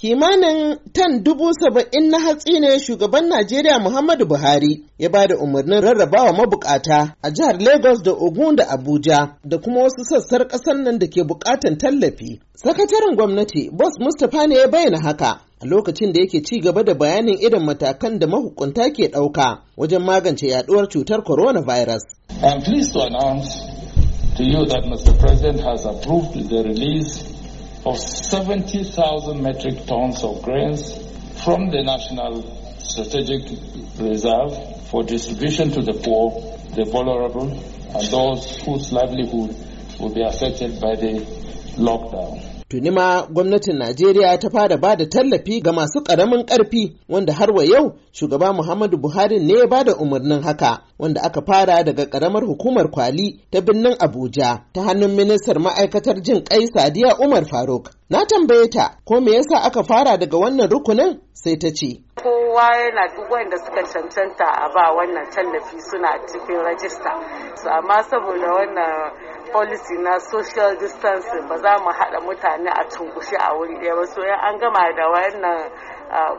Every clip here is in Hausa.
Kimanin tan dubu saba'in na hatsi ne shugaban Najeriya Muhammadu Buhari ya ba da umarnin rarrabawa mabukata a jihar Lagos da Ogun da Abuja da kuma wasu sassar ƙasar nan da ke bukatan tallafi. Sakataren gwamnati Bos Mustapha ne ya bayyana haka. a lokacin da yake ci gaba da bayanin irin matakan da mahukunta ke ɗauka wajen magance yaduwar cutar coronavirus. I am pleased to announce to you that Mr. President has approved the release of 70,000 metric tons of grains from the National Strategic Reserve for distribution to the poor, the vulnerable, and those whose livelihood will be affected by the lockdown. tuni ma gwamnatin najeriya ta fara ba da tallafi ga masu ƙaramin ƙarfi wanda har wa yau shugaba muhammadu buhari ne ya ba da umarnin haka wanda aka fara daga ƙaramar hukumar kwali ta birnin abuja ta hannun ministar ma'aikatar jin Ƙai sadiya umar faruk na tambaye ta ko me yasa aka fara daga wannan rukunin sai ta ce kowa yana duk wanda suka cancanta a ba wannan tallafi suna cikin rajista su amma saboda wannan policy na social distancing ba za mu haɗa mutane a cunkushe a wuri ɗaya ba so an gama da wannan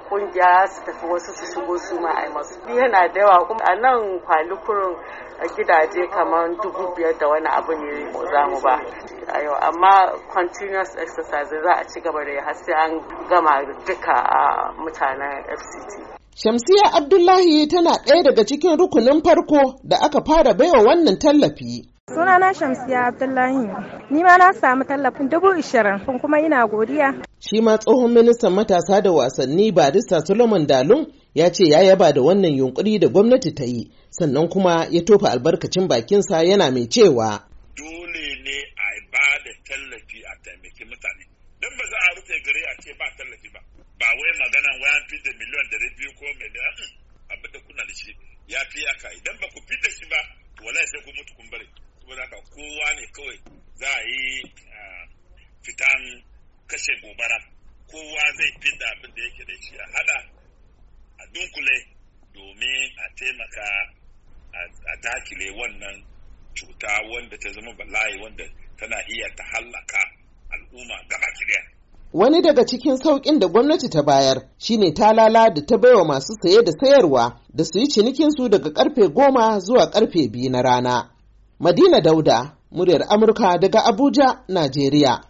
kungiya su tafi wasu su shigo su ma a masu yana da yawa kuma a nan kwalukurin gidaje kamar dubu biyar da wani abu ne za mu ba a yau amma continuous exercise za a ci gaba da ya sai an gama duka a mutanen fct Shamsiya Abdullahi tana ɗaya daga cikin rukunin farko da aka fara baiwa wannan tallafi. Suna na Shamsiya Abdullahi. Ni ma na samu tallafin dubu ishirin kuma ina godiya. Shi ma tsohon ministan matasa da wasanni Barista Solomon Dalun ya ce ya yaba da wannan yunkuri da gwamnati ta yi sannan kuma ya tofa albarkacin bakinsa yana mai cewa. Dole ne a ba da tallafi a taimaki mutane. Don ba za a rufe gari a ce ba tallafi ba. Ba wai magana wayan fi da miliyan da biyu ko miliyan abin da kuna da shi ya fi yaka idan ba ku fi da shi ba dan kashe gobara kowa zai da abin da yake da shi a hada a dunkule domin a taimaka a dakile wannan cuta wanda ta zama bala'i wanda tana iya ta hallaka al'umma gaba daya. Wani daga cikin sauƙin da gwamnati ta bayar shine talala da ta baiwa masu saye da sayarwa da su yi cinikinsu daga karfe goma zuwa karfe biyu na rana. Madina Dauda, muryar Amurka daga Abuja, Najeriya.